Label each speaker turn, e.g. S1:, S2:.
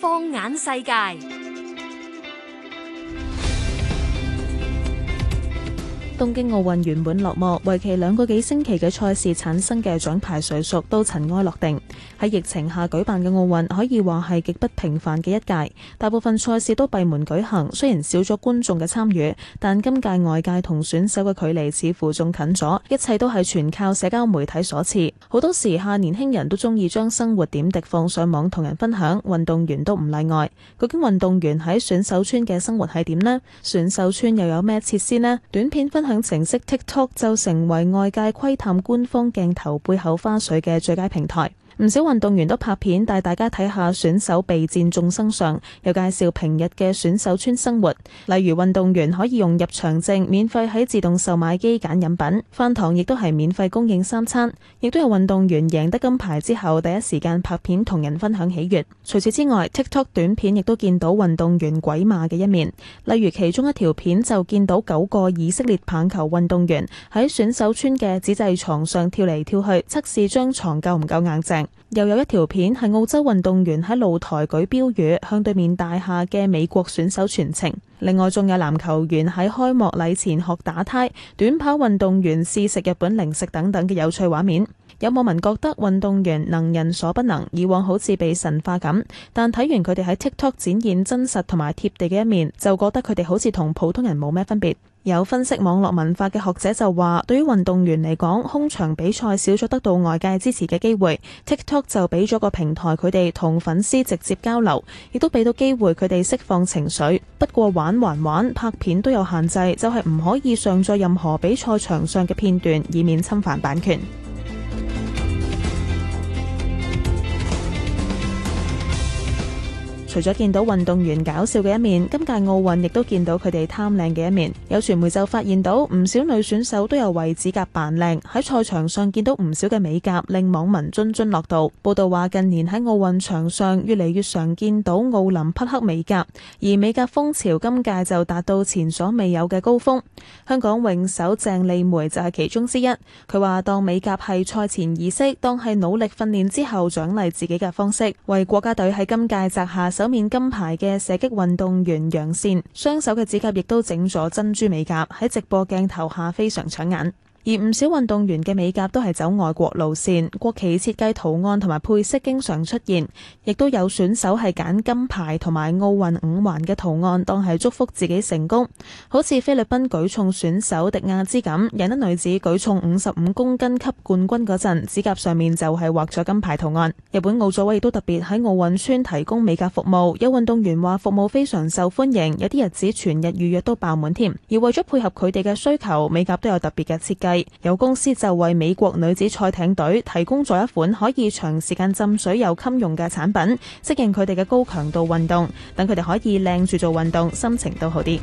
S1: 放眼世界。東京奧運圓滿落幕，為期兩個幾星期嘅賽事產生嘅獎牌誰屬都塵埃落定。喺疫情下舉辦嘅奧運可以話係極不平凡嘅一屆，大部分賽事都閉門舉行，雖然少咗觀眾嘅參與，但今屆外界同選手嘅距離似乎仲近咗，一切都係全靠社交媒體所賜。好多時下年輕人都中意將生活點滴放上網同人分享，運動員都唔例外。究竟運動員喺選手村嘅生活係點呢？選手村又有咩設施呢？短片分享程式 TikTok 就成為外界窺探官方鏡頭背後花絮嘅最佳平台。唔少運動員都拍片，帶大家睇下選手備戰眾生相，又介紹平日嘅選手村生活，例如運動員可以用入場證免費喺自動售賣機揀飲品，飯堂亦都係免費供應三餐，亦都有運動員贏得金牌之後第一時間拍片同人分享喜悅。除此之外，TikTok 短片亦都見到運動員鬼馬嘅一面，例如其中一條片就見到九個以色列棒球運動員喺選手村嘅紙製床上跳嚟跳去，測試張床夠唔夠硬淨。又有一條片係澳洲運動員喺露台舉標語向對面大廈嘅美國選手傳情，另外仲有籃球員喺開幕禮前學打呔，短跑運動員試食日本零食等等嘅有趣畫面。有網民覺得運動員能人所不能，以往好似被神化咁，但睇完佢哋喺 TikTok 展現真實同埋貼地嘅一面，就覺得佢哋好似同普通人冇咩分別。有分析網絡文化嘅學者就話，對於運動員嚟講，空場比賽少咗得到外界支持嘅機會，TikTok 就俾咗個平台佢哋同粉絲直接交流，亦都俾到機會佢哋釋放情緒。不過玩還玩，拍片都有限制，就係唔可以上載任何比賽場上嘅片段，以免侵犯版權。除咗見到運動員搞笑嘅一面，今屆奧運亦都見到佢哋貪靚嘅一面。有傳媒就發現到唔少女選手都有為指甲扮靚，喺賽場上見到唔少嘅美甲，令網民津津樂道。報道話近年喺奧運場上越嚟越常見到奧林匹克美甲，而美甲風潮今屆就達到前所未有嘅高峰。香港泳手鄭莉梅就係其中之一。佢話當美甲係賽前儀式，當係努力訓練之後獎勵自己嘅方式，為國家隊喺今屆摘下首面金牌嘅射擊運動員楊倩雙手嘅指甲亦都整咗珍珠美甲，喺直播鏡頭下非常搶眼。而唔少運動員嘅美甲都係走外國路線，國旗設計圖案同埋配色經常出現，亦都有選手係揀金牌同埋奧運五環嘅圖案當係祝福自己成功。好似菲律賓舉重選手迪亞茲咁，贏得女子舉重五十五公斤級冠軍嗰陣，指甲上面就係畫咗金牌圖案。日本奧組委亦都特別喺奧運村提供美甲服務，有運動員話服務非常受歡迎，有啲日子全日預約都爆滿添。而為咗配合佢哋嘅需求，美甲都有特別嘅設計。有公司就為美國女子賽艇隊提供咗一款可以長時間浸水又襟用嘅產品，適應佢哋嘅高強度運動，等佢哋可以靚住做運動，心情都好啲。